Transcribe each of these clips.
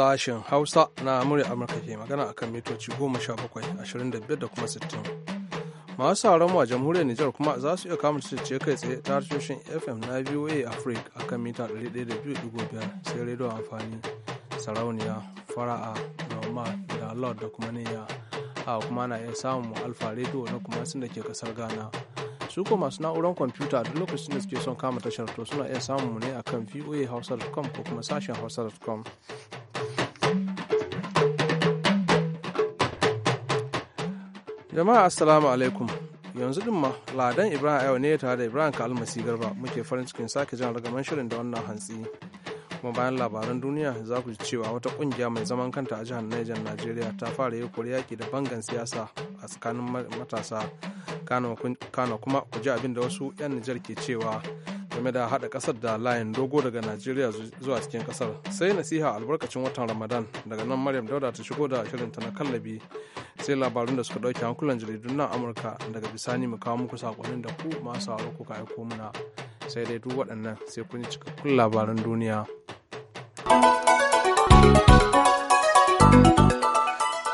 sashen hausa na murya amurka ke magana akan mitoci 17,25 da kuma 60 masu sauran a jamhuriyar nijar kuma za su iya kama ce kai tsaye ta harshen fm na voa africa akan mita 102.5 sai rediyo amfani sarauniya fara'a noma da lord da kuma niyya a kuma na iya samun alfa rediyo na kuma sun da ke kasar ghana su ko masu na'urar kwamfuta duk lokacin da suke son kama tashar to suna iya samun mu ne akan voahausa.com ko kuma sashen hausa.com jama'a assalamu alaikum yanzu din ma ladan ibrahim ayo ne tare da ibrahim kalmasi garba muke farin cikin sake jan ragaman shirin da wannan hantsi kuma bayan labaran duniya za ku ji cewa wata kungiya mai zaman kanta a jihar Niger Najeriya ta fara yi yaki da bangan siyasa a tsakanin matasa Kano kuma ku ji abin da wasu 'yan Nijar ke cewa game da haɗa ƙasar da layin dogo daga najeriya zuwa cikin ƙasar sai nasiha albarkacin watan ramadan daga nan maryam dauda ta shigo da shirin ta na kallabi sai labarun da suka ɗauke hankulan jaridun nan amurka daga bisani mu kawo muku saƙonin da ku masu haro kuka aiko muna sai dai duk waɗannan sai kun yi cikakkun labaran duniya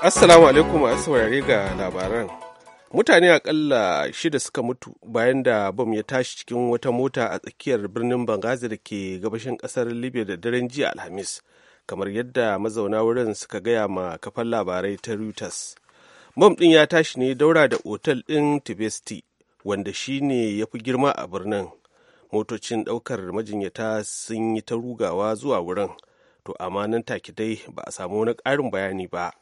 assalamu alaikum a saurari ga labaran mutane akalla shida suka mutu bayan da bom ya tashi cikin wata mota a tsakiyar birnin bangazi da ke gabashin kasar libya da daren jiya alhamis kamar yadda mazauna wurin suka gaya ma kafan labarai ta reuters bom ɗin ya tashi ne daura da otal ɗin tibesti wanda shi ne ya fi girma a birnin motocin ɗaukar majinyata sun yi ta rugawa zuwa wurin to amma nan take dai ba a samu wani ƙarin bayani ba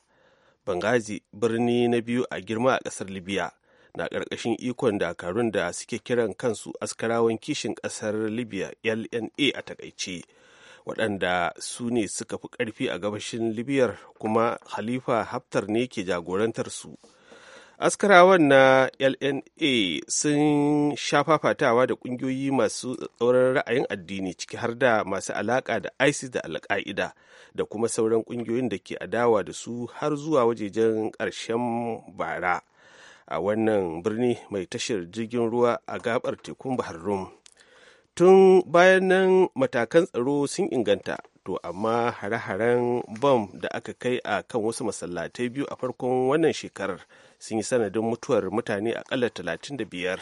Bangazi birni na biyu a girma a ƙasar Libya na ƙarƙashin ikon dakarun da suke kiran kansu askarawan kishin ƙasar Libya LNA a takaice. waɗanda su ne suka fi ƙarfi a gabashin libyar kuma khalifa haftar ne ke jagorantar su. askarawan na lna sun sha fafatawa da kungiyoyi masu tsauran ra'ayin addini ciki har da masu alaka da isis da alka'ida da kuma sauran kungiyoyin da ke adawa da su har zuwa wajejen ƙarshen bara a wannan birni mai tashar jirgin ruwa a gabar tekun bahar rum tun bayan nan matakan tsaro sun inganta to amma hare-haren bom da aka kai a kan wasu masallatai biyu a farkon wannan shekarar sun yi sanadin mutuwar mutane akalla 35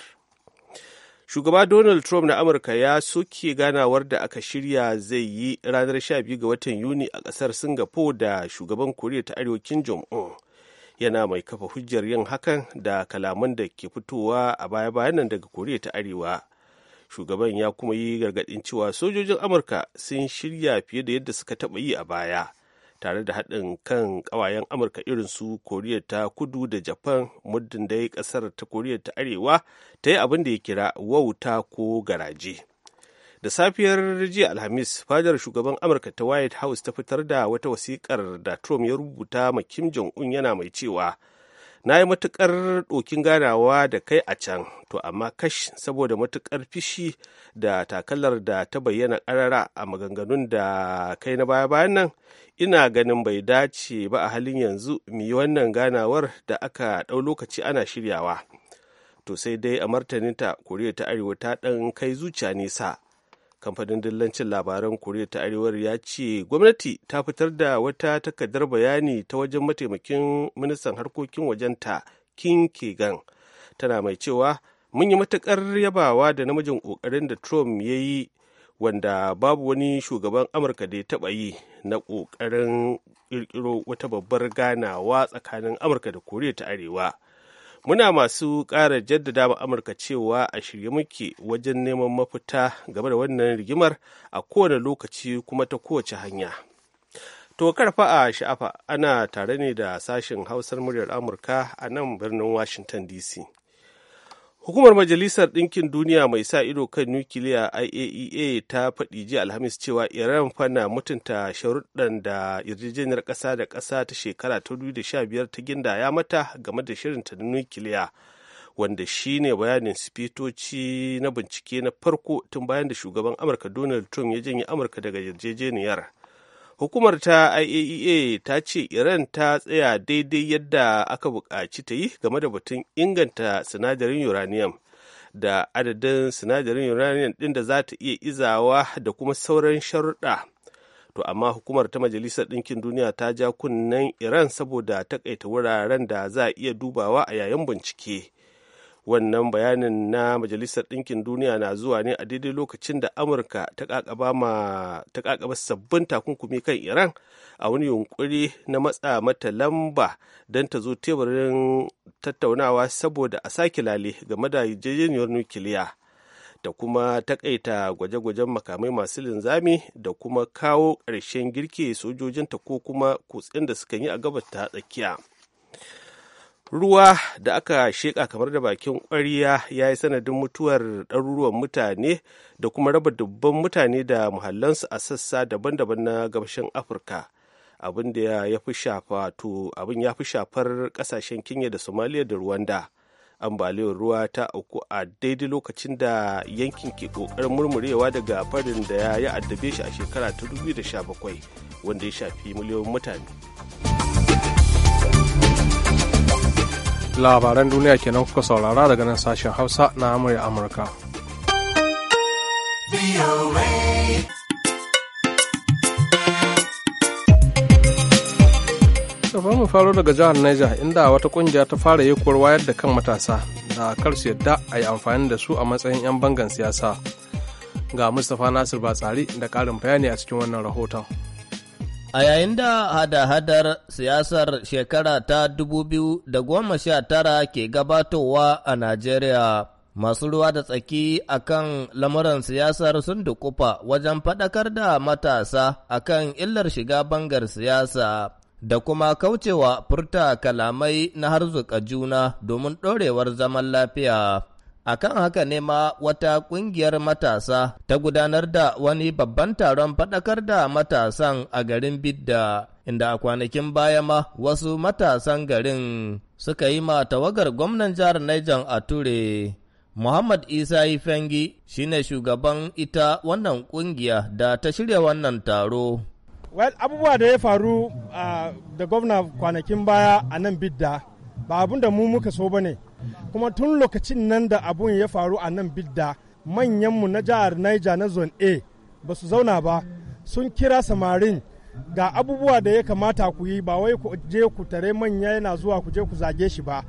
shugaba donald trump na amurka ya soke ganawar da aka shirya zai yi ranar 12 ga watan yuni a kasar singapore da shugaban koriya ta arewa kim jong-un yana mai kafa hujjar yin hakan da kalaman da ke fitowa a baya-bayan nan daga koriya ta arewa shugaban ya kuma yi gargadin cewa sojojin amurka sun shirya fiye da yadda suka taɓa yi a baya tare da haɗin kan ƙawayen amurka irin su koriya ta kudu da japan muddin dai ƙasar ta koriya ta arewa ta yi abin da ya kira wauta ko garaje da safiyar jiya alhamis fadar shugaban amurka ta white house ta fitar da wata wasiƙar da trump ya rubuta ma kim jong un yana mai cewa na yi matuƙar ɗokin ganawa da kai a can to amma kash saboda matukar fishi da takalar da ta bayyana karara a maganganun da kai na baya bayan nan ina ganin bai dace ba a halin yanzu mu yi wannan ganawar da aka ɗau lokaci ana shiryawa to sai dai a martaninta koriya ta arewa ta ɗan kai zuciya nesa kamfanin dillancin labaran koriya ta arewar ya ce gwamnati ta fitar da wata takardar bayani ta wajen mataimakin ministan harkokin wajenta ta kegan tana mai cewa mun yi matakar yabawa da namijin ƙoƙarin da trump ya yi wanda babu wani shugaban amurka da ya taɓa yi na ƙoƙarin ƙirƙiro wata babbar ganawa tsakanin amurka da koriya ta arewa muna masu ƙara jaddada wa amurka cewa a shirye muke wajen neman mafita game da wannan rigimar a kowane lokaci kuma ta kowace hanya to karfa a sha'afa ana tare ne da sashen hausar muryar amurka a nan birnin washington dc Hukumar Majalisar Ɗinkin Duniya mai sa ido kan nukiliya IAEA e ta faɗi jiya Alhamis cewa Iran fana mutunta sharuɗan da yarjejeniyar ƙasa da ƙasa ta shekara ta 2015 ta ginda ya mata game da shirinta na nukiliya, wanda shi ne bayanin sifitoci na bincike na farko tun bayan da shugaban Amurka Donald Trump ya janye Amurka daga yarjejeniyar. Hukumar ta IAEA e ta ce Iran ta tsaya daidai yadda aka buƙaci ta yi game da batun inganta sinadarin uranium da adadin sinadarin uranium ɗin da za ta iya izawa da kuma sauran sharuɗa. To amma hukumar ta Majalisar Ɗinkin Duniya ta ja kunnen Iran saboda takaita wuraren da za a iya dubawa a yayin bincike. wannan bayanin na majalisar ɗinkin duniya na zuwa ne a daidai lokacin da amurka ta kakaba sabbin takunkumi kan iran a wani yunkuri na matsa mata lamba don ta zo teburin tattaunawa saboda a sake lale game da yarjejeniyar nukiliya da kuma takaita gwaje-gwajen makamai masu linzami da kuma kawo ƙarshen girki sojojinta ko kuma kutsen da suka yi a gabata tsakiya. ruwa da aka sheƙa kamar da bakin ƙwariya ya yi sanadin mutuwar ɗaruruwan mutane da kuma raba dubban mutane da muhallansu a sassa daban-daban na gabashin afirka abin da ya fi shafa to abin ya fi shafar ƙasashen kenya da somaliya da rwanda ambaliyar ruwa ta auku a daidai lokacin da yankin ke ƙoƙarin murmurewa daga farin da ya addabe shi a shekara ta 2017 wanda ya shafi miliyoyin mutane. labaran duniya kenan kuka saurara daga nan sashen hausa na amurya amurka Tafiya mu faro daga jihar Niger inda wata kungiya ta fara yekuwar wayar da kan matasa da kar su yadda a yi amfani da su a matsayin 'yan bangan siyasa. Ga Mustapha Nasir Batsari da ƙarin bayani a cikin wannan rahoton. A yayin da hada-hadar siyasar shekara ta 2019 ke gabatowa a Najeriya, masu ruwa da tsaki akan lamuran siyasar sun dukufa wajen faɗakar da matasa akan illar shiga bangar siyasa da kuma kaucewa furta kalamai na harzuka juna domin ɗorewar zaman lafiya. a kan haka ne ma wata ƙungiyar matasa ta gudanar da wani babban taron faɗakar da matasan a garin Bidda, inda a kwanakin baya ma wasu matasan garin suka yi ma tawagar gwamnan jihar Niger a ture. Muhammad Isa Ifengi shi ne shugaban ita wannan ƙungiya da ta shirya wannan taro. Well, abubuwa da ya faru ah, da gwamna kwanakin baya a nan Bidda ba abin da mu muka so ba ne. kuma tun lokacin nan da abun ya faru a nan bidda manyanmu na jihar niger na zone a ba su zauna ba sun kira samarin ga abubuwa da ya kamata ku yi ba wai ku je ku tare manya yana zuwa ku je ku zage shi ba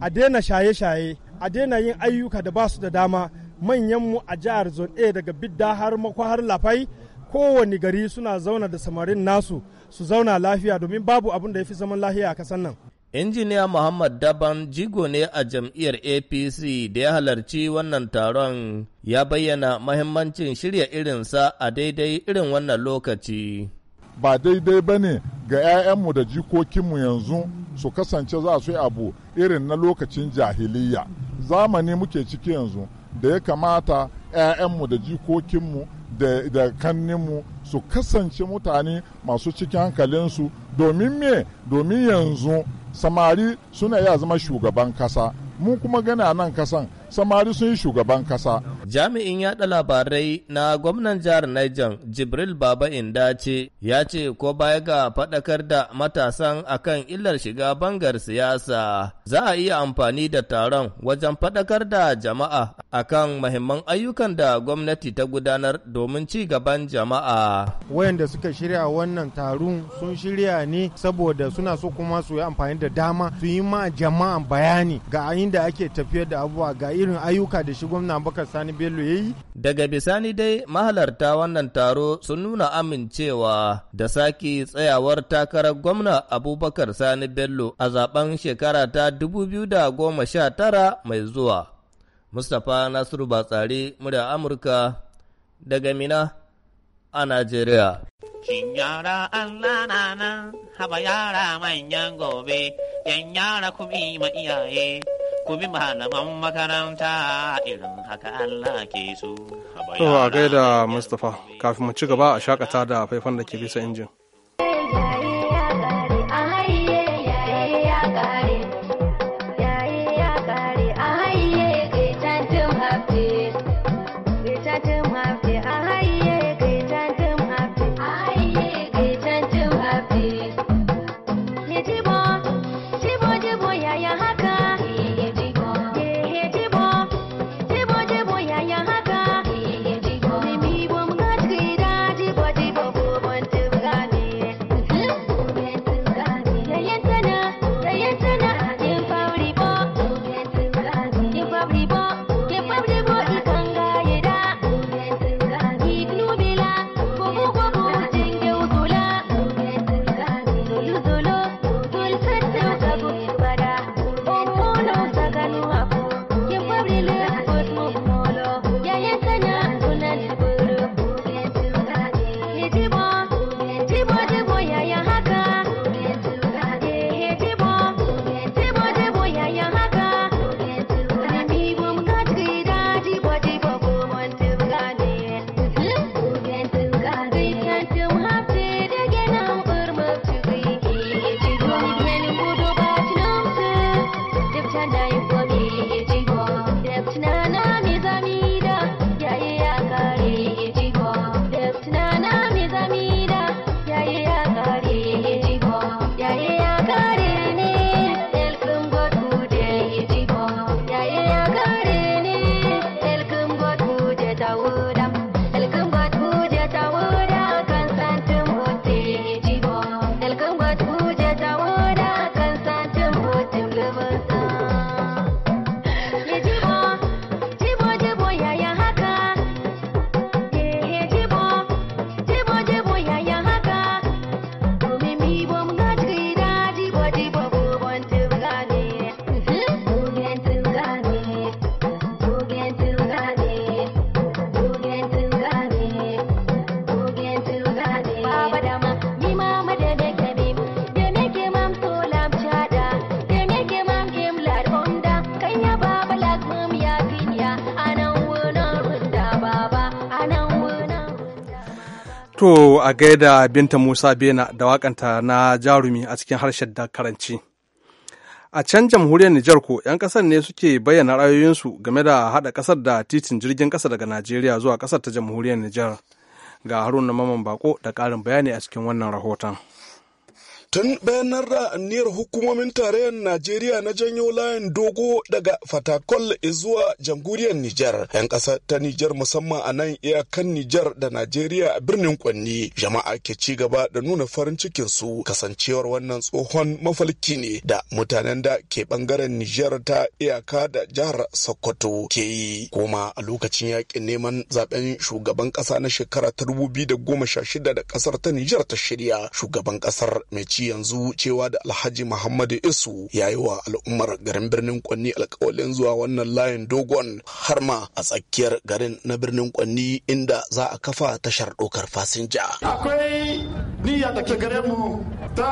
a daina shaye-shaye a daina yin ayyuka da ba su da dama manyanmu a jihar zone a daga bidda har makwa har lafai kowane gari suna zauna da samarin nasu su zauna lafiya domin babu abin da ya fi zaman lafiya a kasan nan Injiniya Muhammad Daban jigo ne a jam'iyyar APC da ya halarci wannan taron ya bayyana mahimmancin shirya irinsa a daidai irin wannan lokaci. Ba daidai ba ne ga 'ya'yanmu da jikokinmu yanzu su kasance za su yi abu irin na lokacin jahiliya. Zamani muke ciki yanzu da ya kamata 'ya'yanmu da jikokinmu da kanninmu su kasance mutane masu cikin hankalinsu domin me domin yanzu samari suna iya zama shugaban kasa mun kuma gana nan kasan samari sun yi shugaban kasa. Jami'in yaɗa labarai na gwamnan jihar Niger Jibril Baba Inda ce ya ce ko baya ga faɗakar da matasan akan illar shiga bangar siyasa za a iya amfani da taron wajen faɗakar da jama'a a kan mahimman ayyukan da gwamnati ta gudanar domin ci gaban jama'a. Wayanda suka shirya wannan taron sun shirya ne saboda suna so kuma su yi amfani da dama su yi ma jama'a bayani ga inda ake tafiyar da abubuwa ga irin ayyuka da shi gwamna Bakar Sani Bello ya yi. Daga bisani dai mahalarta wannan taro sun nuna amincewa da sake tsayawar takarar gwamna Abubakar Sani Bello a zaben shekara ta 2019 mai zuwa. Mustapha Nasiru Batsari murya Amurka daga Mina a Najeriya. Shin yara Allah na nan haba yara manyan gobe, yan yara ku bi ma iyaye, ku bi malaman makaranta irin haka Allah ke so. To a gaida Mustapha, kafin mu ci gaba a shakata da faifan da ke bisa injin. a gaida Binta Musa Bena da wakanta na jarumi a cikin harshen karanci A can jamhuriyar Nijar ko 'yan kasar ne suke bayyana ra'ayoyinsu game da haɗa ƙasar da titin jirgin kasa daga Najeriya zuwa ƙasar ta jamhuriyar Nijar. Ga Haruna Maman Bako da ƙarin bayani a cikin wannan rahoton. tun bayanan ra'aniyar hukumomin tarayyar najeriya na janyo layin dogo daga fatakol zuwa jamhuriyar nijar yan ƙasa ta nijar musamman a nan iyakan nijar da najeriya a birnin kwanni jama'a ke ci gaba da nuna farin cikin su kasancewar wannan tsohon mafalki ne da mutanen da ke bangaren nijar ta iyaka da jihar sokoto ke yi kuma a lokacin yakin neman zaben shugaban ƙasa na shekara ta 2016 da ƙasar ta nijar ta shirya shugaban ƙasar mai ci shi yanzu cewa da alhaji muhammadu isu ya yi wa al'ummar garin birnin kwanni alkawalin zuwa wannan layin dogon harma a tsakiyar garin na birnin kwanni inda za a kafa tashar ɗaukar fasinja akwai niyya da ke gare mu ta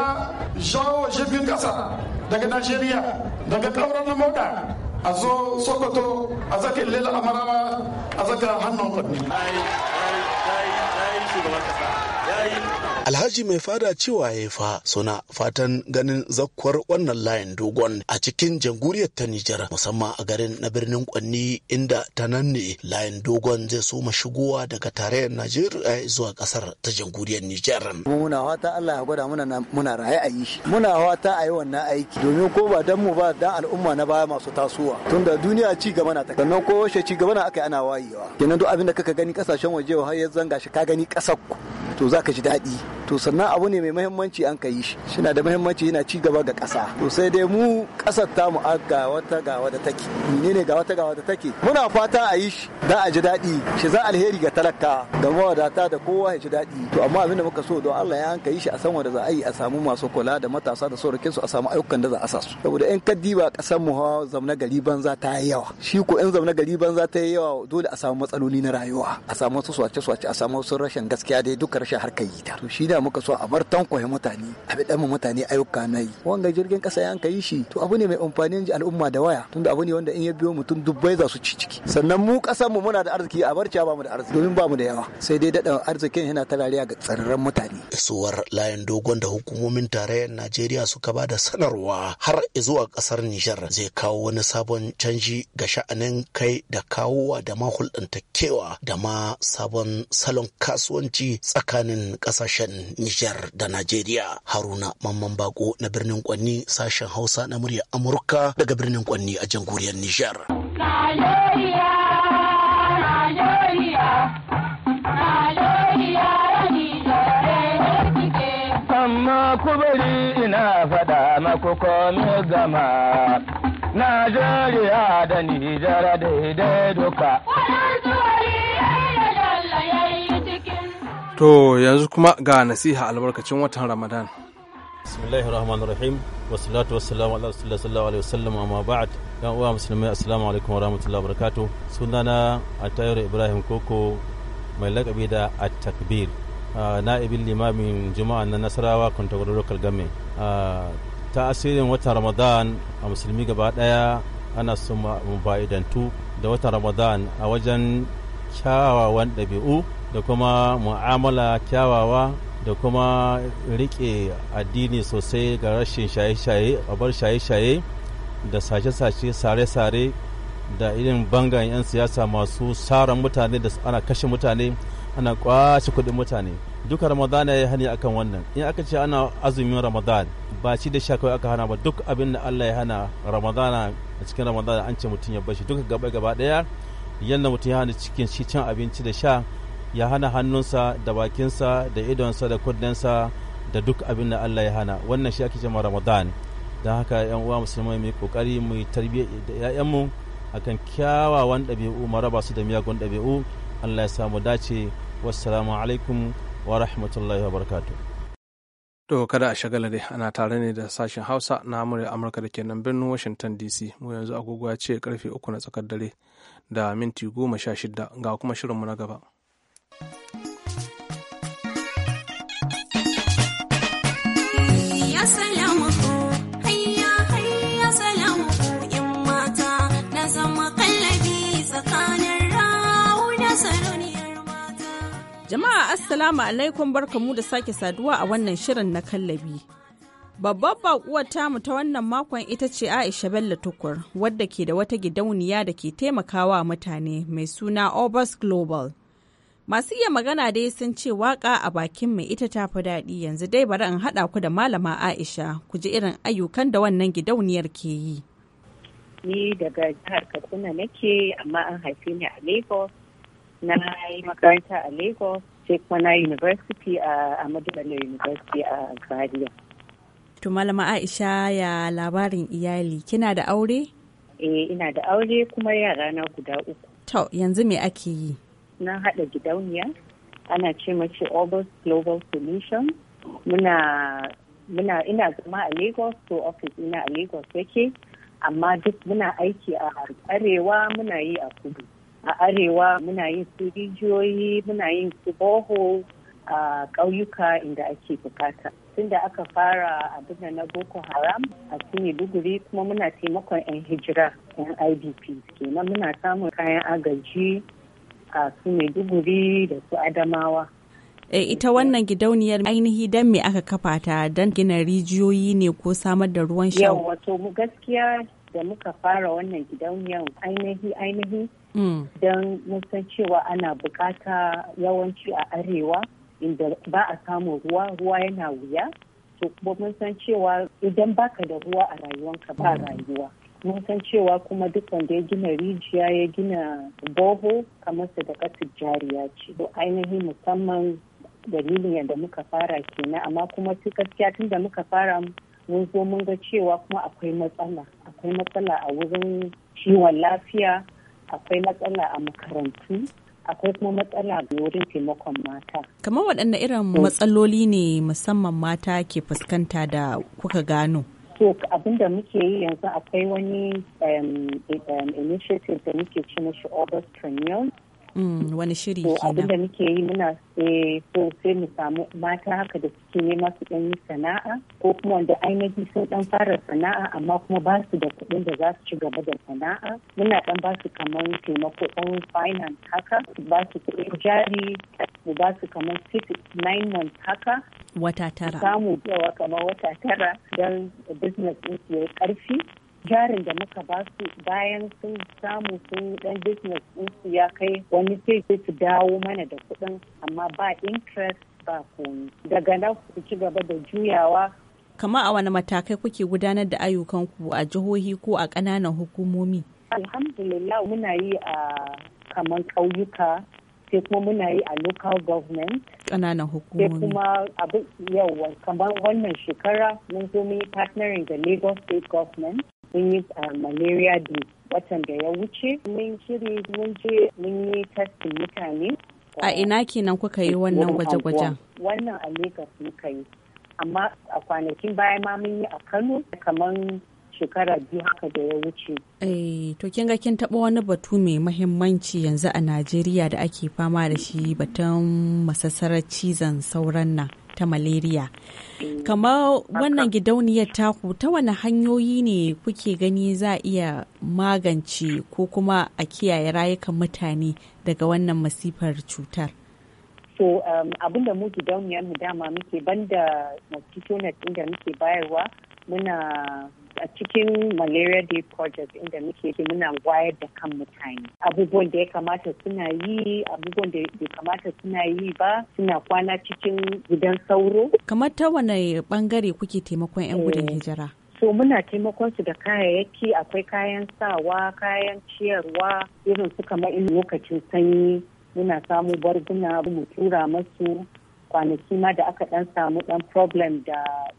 jawo jirgin ƙasa daga najeriya daga ƙauran na mauda a zo sokoto a zaka lela amarawa a zaka hannun kwanni alhaji mai fada cewa ya fa suna fatan ganin zakkuwar wannan layin dogon a cikin jamhuriyar ta nijar musamman a garin na birnin kwanni inda ta nan ne layin dogon zai soma shigowa daga tarayyar najeriya zuwa kasar ta jamhuriyar nijar muna fata allah ya gwada muna muna raye a yi muna fata a yi wannan aiki domin ko ba dan mu ba dan al'umma na baya masu tasowa tunda duniya ci gaba na ta sannan ko washe ci gaba na aka ana wayewa kenan duk abin da kaka gani kasashen waje har yanzu zan shi ka gani kasar ku to zaka ji daɗi to sannan abu ne mai mahimmanci an ka yi shi shina da mahimmanci yana ci gaba ga ƙasa to sai dai mu ƙasar ta mu ga wata ga wata take ne ga wata ga wata take muna fata a yi shi da a ji daɗi shi za alheri ga talaka ga mawadata da kowa ya ji daɗi to amma abin da muka so don Allah ya hanka yi shi a san wanda za a yi a samu masu kula da matasa da saurakin su a samu ayyukan da za a sa su saboda in ba ƙasar mu zamna gari banza ta yi yawa shi ko in zamna gari banza ta yi yawa dole a samu matsaloli na rayuwa a samu wasu swace swace a samu wasu rashin gaskiya dai duka rashin harkar yi ta to shi jiya muka so a bar tankwaye mutane a bi mu mutane ayyuka na yi wanga jirgin kasa ya ka yi shi to abu ne mai amfanin ji al'umma da waya tunda abu ne wanda in ya biyo mutum dubbai za su ci ciki sannan mu kasar mu muna da arziki a barci ba mu da arziki domin ba mu da yawa sai dai daɗa arzikin yana talariya ga tsararran mutane isuwar layin dogon da hukumomin tarayyar Najeriya suka ba da sanarwa har zuwa kasar Nijar zai kawo wani sabon canji ga sha'anin kai da kawowa da ma hulɗantakewa da ma sabon salon kasuwanci tsakanin ƙasashen Nijar da Najeriya. Haruna Mamman Bako na birnin Kwanni sashen Hausa na murya Amurka daga birnin Kwanni a jamhuriyar Nijar. Amma ku bari ina faɗa maku komi gama, Najeriya da Nijar daidai duka. Wadansu zuwa yi yi da To yanzu kuma ga nasiha albarkacin watan Ramadan. bismillahir rahmanir rahim wassalatu wassalamu ala Rasulillahi sallallahu alaihi wasallam amma ba'd yan uwa musulmai assalamu alaikum wa rahmatullahi wa barakatuh sunana atayar ibrahim koko mai lakabi da at-takbir ah, na'ibin limamin juma'a na nasarawa kwantagwar local game ah, ta asirin watan ramadan a musulmi gaba daya ana suma mu fa'idantu da watan ramadan a wajen kyawawan ɗabi'u da kuma mu'amala kyawawa da kuma riƙe addini sosai ga rashin shaye-shaye a bar shaye-shaye da sace-sace sare-sare da irin bangan 'yan siyasa masu saran mutane da ana kashe mutane ana kwashe kuɗin mutane duka ramadana ya yi hani akan wannan in aka ce ana azumin ramadan ba shi da shakawai aka hana ba duk abin da allah ya hana ramadana a cikin ramadana an ce mutum ya bashi duka gaba gaba daya yadda mutum ya hana cikin shi cin abinci da sha ya hana hannunsa da bakinsa da idonsa da kudinsa da duk abin da Allah ya hana wannan shi ake cewa Ramadan don haka yan uwa musulmai mu kokari mu tarbiyya da ƴaƴanmu akan kyawawan ɗabi'u maraba su da miyagun ɗabi'u Allah ya samu dace wassalamu alaikum wa rahmatullahi wa To kada a shagala dai ana tare ne da sashen Hausa na murya Amurka da ke nan birnin Washington DC mu yanzu agogo ya ce karfe uku na tsakar dare da minti goma sha shida ga kuma shirinmu na gaba. Jama'a Assalamu alaikum barkamu da sake saduwa a wannan shirin na kallabi. Babbar bakuwar tamu ta wannan makon ita ce Aisha Bello Tukur wadda ke da wata gidauniya da ke taimakawa mutane mai suna Obas Global. Masu iya magana dai sun ce waka a bakin mai ita ta fi daɗi yanzu dai bari in haɗa ku da malama Aisha ku ji irin ayyukan da wannan gidauniyar ke yi. Ni daga jihar Katsina nake amma an haife ni a Lagos. Na yi makaranta a Lagos sai kuma na university a Ahmadu Bello University a Zaria. To malama Aisha ya labarin iyali kina da aure? Eh ina da aure kuma yara na guda uku. To yanzu me ake yi? na haɗa gidauniya ana ce mace August Global Solution muna ina zama a Lagos to office ina a Lagos yake amma duk muna aiki a arewa muna yi a kudu a arewa muna yin su rijiyoyi muna yin su boho a ƙauyuka inda ake bukata tunda aka fara a abin na boko haram a cikin duguri kuma muna taimakon 'yan hijira 'yan idp kenan muna samun kayan agaji a su maiduguri da su adamawa e, ita wannan gidauniyar ainihi don me aka kafa ta don gina rijiyoyi ne ko samar da ruwan sha yau wato gaskiya da muka fara wannan gidauniyar ainihi ainihi hmm. don mun san cewa ana bukata yawanci a arewa inda ba a samun ruwa ruwa yana wuya to kuma mun san cewa idan baka da ruwa a rayuwanka ba rayuwa mun san cewa kuma duk wanda ya gina rijiya ya gina boho kamar da kasar jariya ce to ainihin musamman dalilin yadda muka fara kenan amma kuma su gaskiya tun da muka fara mun zo mun ga cewa kuma akwai matsala akwai matsala a wurin ciwon lafiya akwai matsala a makarantu akwai kuma matsala a wurin taimakon mata kamar waɗanne irin matsaloli ne musamman mata ke fuskanta da kuka gano to abinda muke yi yanzu akwai wani um, um, initiative da muke ci na shi August Trinion Mm, wani shiri kenan to da muke yi muna eh, so sai mu samu mata haka da suke yi masu dan yi sana'a ko kuma wanda ainihin sun ɗan fara sana'a amma kuma ba su da kuɗin da za su ci gaba da sana'a muna dan ba su kamar taimako dan finance haka ba su kuɗin jari mu ba su kamar six nine months haka wata tara samu cewa kamar wata tara don business ɗin su ya ƙarfi jarin da muka ba su bayan sun samu sun dan business su ya kai wani sai sai su dawo mana da kuɗin amma ba interest ba komi daga nan ku ci gaba da juyawa kama a wani matakai kuke gudanar da ayyukan ku a jihohi ko a kananan hukumomi alhamdulillah muna yi a kaman ƙauyuka sai kuma muna yi a local government ƙananan hukumomi sai kuma abin yawa kamar wannan shekara mun zo mu yi partnering da lagos state government mun yi uh, malaria day watan da ya wuce mun shiri mun je mun yi testin mutane a ina kenan kuka yi wannan gwaje-gwajen wannan a lagos muka amma a kwanakin baya ma mun yi a kano kamar shekara biyu haka da ya wuce. Eh, to kin ga kin taɓa wani batu mai mahimmanci yanzu a Najeriya da ake fama da shi batun masassarar cizon sauran nan ta malaria. Eh, Kamar wannan gidauniyar taku ta wani hanyoyi ne kuke gani za a iya magance ko kuma a kiyaye rayukan mutane daga wannan masifar cutar? So um, abinda mu gidauniyar mu dama muke banda mosquito net da muke bayarwa muna a cikin malaria day project inda muke yi muna wayar da kan mutane abubuwan da ya kamata suna yi abubuwan da ya kamata suna yi ba suna kwana cikin gidan sauro kamar ta wane bangare kuke taimakon 'yan gudun eh, hijira so muna taimakon su da kayayyaki akwai kayan sawa kayan ciyarwa irin su kamar in lokacin sanyi muna samu barguna mu tura masu kwanaki ma da aka dan samu dan problem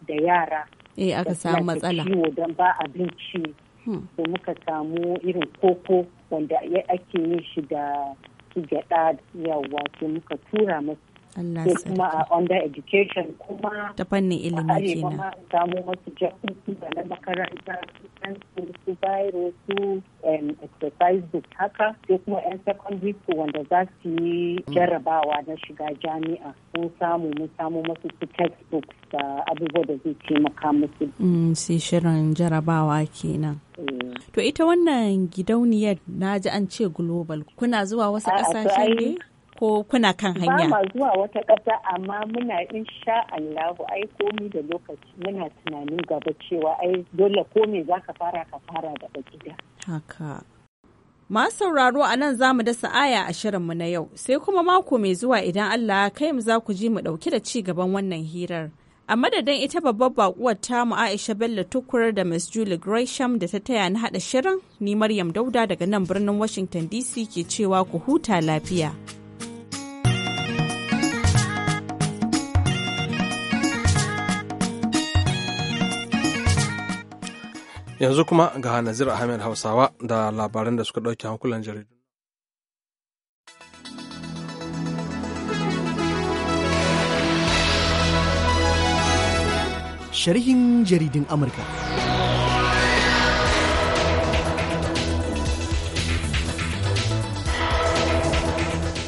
da yara eh aka samu matsala ciwo dan ba abinci hmm. da muka samu irin koko wanda ake yin shi da gyada yawa sai muka tura masu Allah sai kuma under education kuma ta fannin ilimi kenan ma samu wasu jakuku da na makaranta su su su exercise book haka sai kuma yan secondary school wanda za su yi mm. jarabawa na shiga jami'a mun samu mun samu masu su textbooks da abubuwa da zai taimaka musu mm, sai shirin jarrabawa kenan eh. To ita wannan gidauniyar na ji an ce global kuna zuwa wasu ƙasashen ne? ko kuna kan hanya? Ba zuwa wata ƙasa amma muna in sha Allahu ai komi da lokaci muna tunanin gaba cewa ai dole komi za ka fara ka fara daga gida. Haka. Ma sauraro a nan za mu da sa'aya a shirinmu na yau sai kuma mako mai zuwa idan Allah kai mu za ku ji mu ɗauki da ci gaban wannan hirar. A madadin ita babbar bakuwar tamu Aisha Bello Tukur da ms Julie Gresham da ta taya na haɗa shirin, ni Maryam Dauda daga nan birnin Washington DC ke cewa ku huta lafiya. Yanzu kuma ga Nazir Ahmed Hausawa da labaran da suka ɗauki hankulan jaridu. Sharhin jaridun Amurka.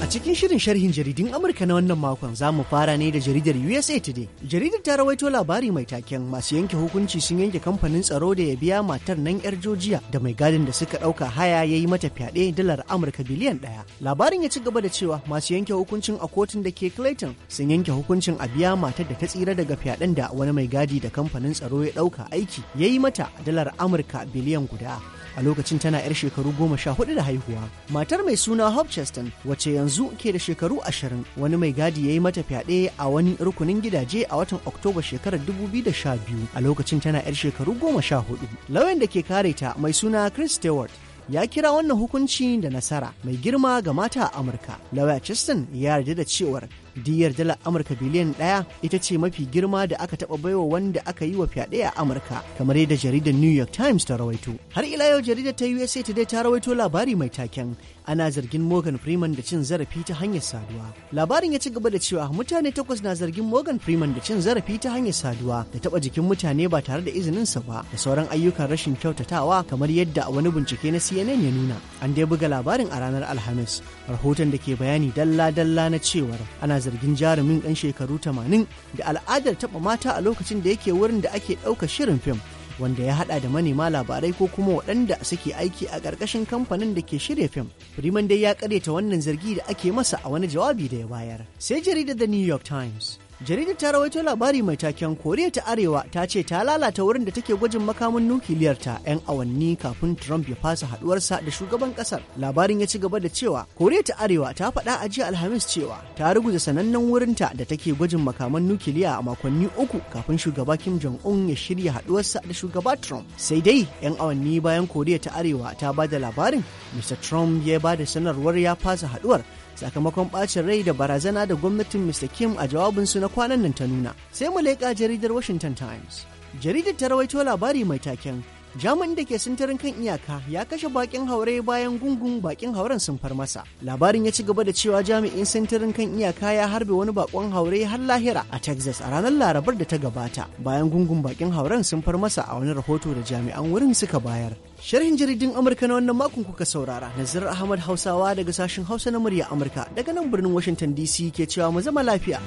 cikin shirin sharhin jaridun Amurka na wannan makon za mu fara ne da jaridar USA Today. Jaridar ta rawaito labari mai taken masu yanke hukunci sun yanke kamfanin tsaro da ya biya matar nan yar Jojiya da mai gadin da suka ɗauka haya ya yi mata fyaɗe dalar Amurka biliyan ɗaya. Labarin ya ci gaba da cewa masu yanke hukuncin a kotun da ke Clayton sun yanke hukuncin a biya matar da ta tsira daga fyaɗen da wani mai gadi da kamfanin tsaro ya ɗauka aiki ya yi mata dalar Amurka biliyan guda. a lokacin tana 'yar shekaru goma sha hudu da haihuwa. Matar mai suna Hobcheston wacce yanzu ke da shekaru ashirin wani mai gadi ya yi mata fyaɗe a wani rukunin gidaje a watan Oktoba shekarar biyu. a lokacin tana 'yar shekaru goma sha hudu. Lauyan da ke kare ta mai suna Chris Stewart ya kira wannan hukunci da nasara mai girma ga mata a Amurka. Lauya Cheston ya yarda da cewar Diyar dalar Amurka biliyan ɗaya ita ce mafi girma da aka taɓa baiwa wanda aka yi wa fyaɗe a Amurka, kamar yadda jaridar New York Times ta rawaito. Har ila yau jaridar ta USA Today ta rawaito labari mai taken ana zargin Morgan Freeman da cin zarafi ta hanyar saduwa. Labarin ya ci gaba da cewa mutane takwas na zargin Morgan Freeman da cin zarafi ta hanyar saduwa da taɓa jikin mutane ba tare da izininsa ba da sauran ayyukan rashin kyautatawa kamar yadda wani bincike na CNN ya nuna. An dai buga labarin a ranar Alhamis, rahoton da ke bayani dalla-dalla na cewar ana zargin jarumin ɗan shekaru 80 da al'adar taɓa mata a lokacin da yake wurin da ake ɗauka shirin fim wanda ya haɗa da manema labarai ko kuma waɗanda suke aiki a ƙarƙashin kamfanin da ke shirya fim. Freeman dai ya ƙaryata wannan zargi da ake masa a wani jawabi da ya bayar. Sai jaridar The New York Times jaridar ta rawaito labari mai taken koriya ta arewa ta ce ta lalata wurin da take gwajin makamin nukiliyar ta 'yan awanni kafin trump ya fasa haduwarsa da shugaban kasar labarin ya ci gaba da cewa koriya ta arewa ta faɗa a jiya alhamis cewa ta ruguza sanannen wurinta da take gwajin makaman nukiliya a makonni uku kafin shugaba kim jong un ya shirya haduwarsa da shugaba trump sai dai 'yan awanni bayan koriya ta arewa ta ba da labarin mr trump ya ba da sanarwar ya fasa haduwar sakamakon ɓacin rai da barazana da gwamnatin Mr. Kim a jawabinsu na kwanan nan ta nuna. Sai mu leƙa jaridar Washington Times. Jaridar ta rawaito labari mai taken jami'in da ke sintarin kan iyaka ya kashe bakin haure bayan gungun bakin hauren sun far masa labarin ya ci gaba da cewa jami'in sintarin kan iyaka ya harbe wani bakon haure har lahira a texas a ranar larabar da ta gabata bayan gungun bakin hauren sun far masa a wani rahoto da jami'an wurin suka bayar sharhin jaridin amurka na wannan makon kuka saurara nazir ahmad hausawa daga sashen hausa na murya amurka daga nan birnin washington dc ke cewa mu zama lafiya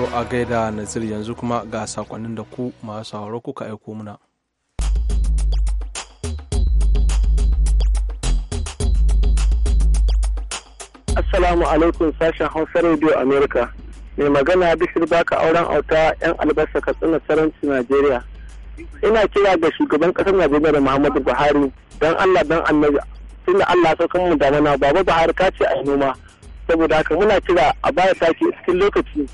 To a gaida Nazir yanzu kuma ga sakonnin da ku masu sauraro kuka aiko muna. Assalamu alaikum sashen Hausa Radio America. Mai magana Bishir baka auren auta 'yan albasa Katsina Saranci Najeriya. Ina kira ga shugaban ƙasar Najeriya Muhammadu Buhari don Allah don annabi tunda Allah ta kan mu damana baba Buhari kace ce a noma saboda haka muna kira a baya take cikin lokaci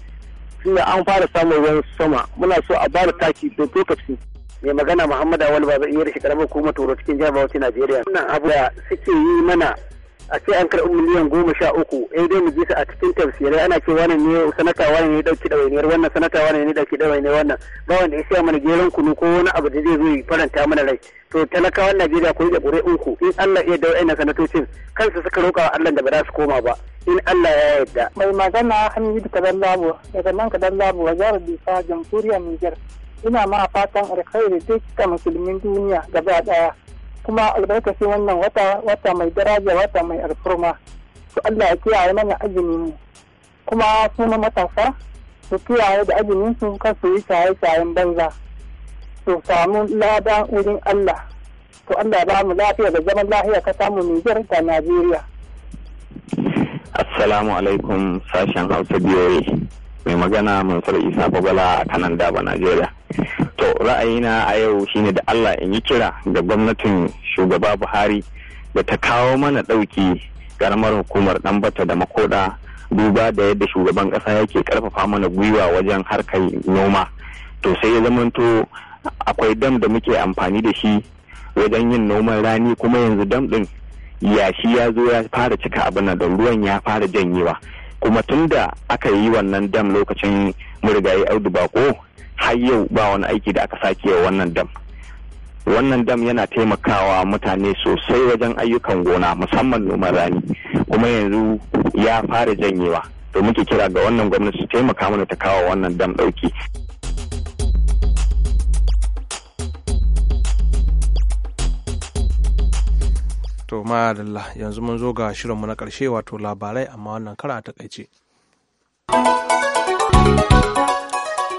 tunda an fara samun ruwan sama muna so a bada taki da lokaci mai magana muhammadu awal ba zai iya rike karamar kuma toro cikin jihar bauchi najeriya wannan abu da suke yi mana a ce an karɓi miliyan goma sha uku eh dai mu ji a cikin tafsirai ana ce wani ne sanata wani ne dauki ɗawainiyar wannan sanata wani ne dauki ɗawainiyar wannan ba wanda ya siya mana geron kunu ko wani abu da zai zo ya faranta mana rai to talakawan Najeriya ko da ƙuri'un uku in Allah ya dawo ina sanatocin kansu suka roƙa wa Allah da ba za su koma ba in Allah ya yarda. Mai magana Hamidu Kadan Labo daga nan Kadan Labo a jihar Bisa jamhuriyar Nijar ina ma fatan alkhairi ta musulmin duniya gaba daya kuma albarkacin wannan wata wata mai daraja wata mai alfurma to Allah ya kiyaye mana azumi mu kuma suna matasa su kiyaye da azumin su kan su yi shaye-shayen banza su samu lada wurin Allah to Allah ba mu lafiya da zaman lafiya ka samu Niger da Najeriya Assalamu alaikum sashen Hausa biyoyi. mai magana mansur isa babala a kanan daba najeriya to ra'ayina a yau shine da allah in yi kira da gwamnatin shugaba buhari da ta kawo mana ɗauki karamar hukumar bata da makoda duba da yadda shugaban ƙasa yake karfafa mana gwiwa wajen harkar noma to sai ya zamanto akwai dam da muke amfani da shi wajen yin noman rani kuma yanzu dam ɗin yashi ya zo ya fara cika abin da ruwan ya fara janyewa kuma tun da aka yi wannan dam lokacin murigayi audu bako har yau ba wani aiki da aka sake wa wannan dam wannan dam yana taimakawa mutane sosai wajen ayyukan gona musamman noman rani kuma yanzu ya fara janyewa to muke kira ga wannan gwamnati su taimaka mana ta kawo wannan dam ɗauki. to madalla yanzu mun zo ga shirinmu na ƙarshe wato labarai amma wannan kara a takaice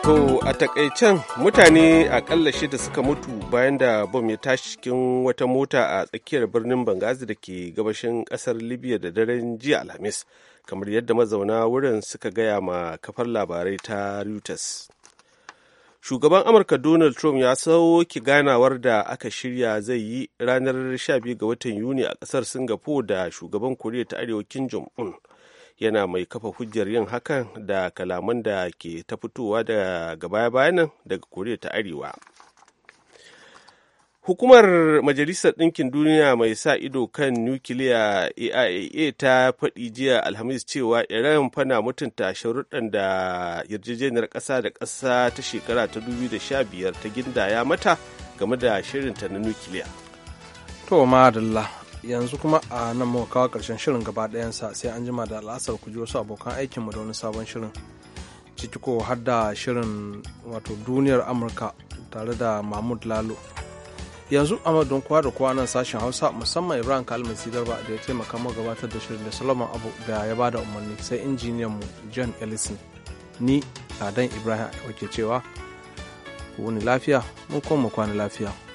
to a takaicen mutane akalla shida suka mutu bayan da bom ya tashi cikin wata mota a tsakiyar birnin bangazi da ke gabashin ƙasar libya da daren jiya alhamis kamar yadda mazauna wurin suka gaya ma kafar labarai ta reuters shugaban amurka donald trump ya sauki ganawar da aka shirya zai yi ranar 12 ga watan yuni a kasar singapore da shugaban koriya ta arewa kim jong-un yana mai kafa hujjar yin hakan da kalaman da ke ta fitowa daga baya-bayanan daga koriya ta arewa Hukumar Majalisar Ɗinkin Duniya mai sa ido kan nukiliya AIA ta faɗi jiya Alhamis cewa Iran fana mutunta sharuɗan da yarjejeniyar ƙasa da ƙasa ta shekara ta 2015 ta gindaya mata game da shirinta na nukiliya. To madalla yanzu kuma a nan muka kawo ƙarshen shirin gaba ɗayansa sai an jima da al'asar ku ji wasu abokan aikinmu da wani sabon shirin. Ciki ko har da shirin wato duniyar Amurka tare da Mahmud Lalo. yanzu a don da kwa nan sashen hausa musamman ibrahim kalmin sidarba da ya taimaka mu gabatar da shirin da solomon abu da ya ba da umarni sai injiniyan mu john ellison ni ladan ibrahim a cewa ku wani lafiya mun koma kwana lafiya